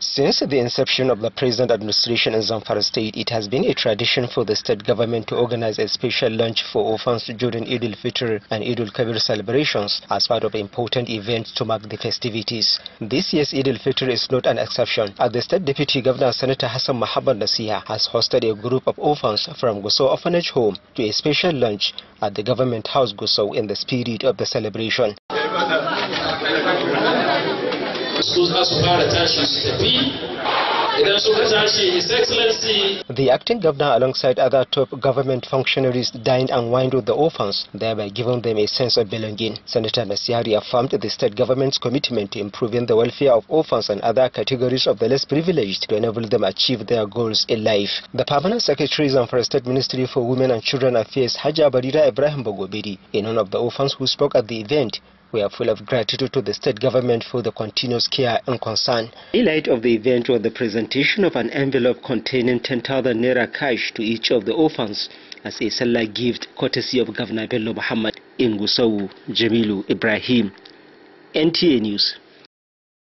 Since the inception of the present administration in Zamfara state, it has been a tradition for the state government to organize a special lunch for orphans during Eid al-Fitr and Eid al-Kabir celebrations as part of important events to mark the festivities. This year's Eid al-Fitr is not an exception, as the state deputy governor Senator Hassan Mahabad Nasiha has hosted a group of orphans from Gusau Orphanage Home to a special lunch at the government house Gusau in the spirit of the celebration the acting governor alongside other top government functionaries dined and wined with the orphans thereby giving them a sense of belonging senator nasiari affirmed the state government's commitment to improving the welfare of orphans and other categories of the less privileged to enable them achieve their goals in life the permanent secretary and for state ministry for women and children affairs haja barira ibrahim Bagobedi, in honor of the orphans who spoke at the event we are full of gratitude to the state government for the continuous care and concern. In light of the event was the presentation of an envelope containing 10,000 naira cash to each of the orphans as a Salah gift courtesy of Governor Bello Muhammad Ingusawu Jamilu Ibrahim. NTA News.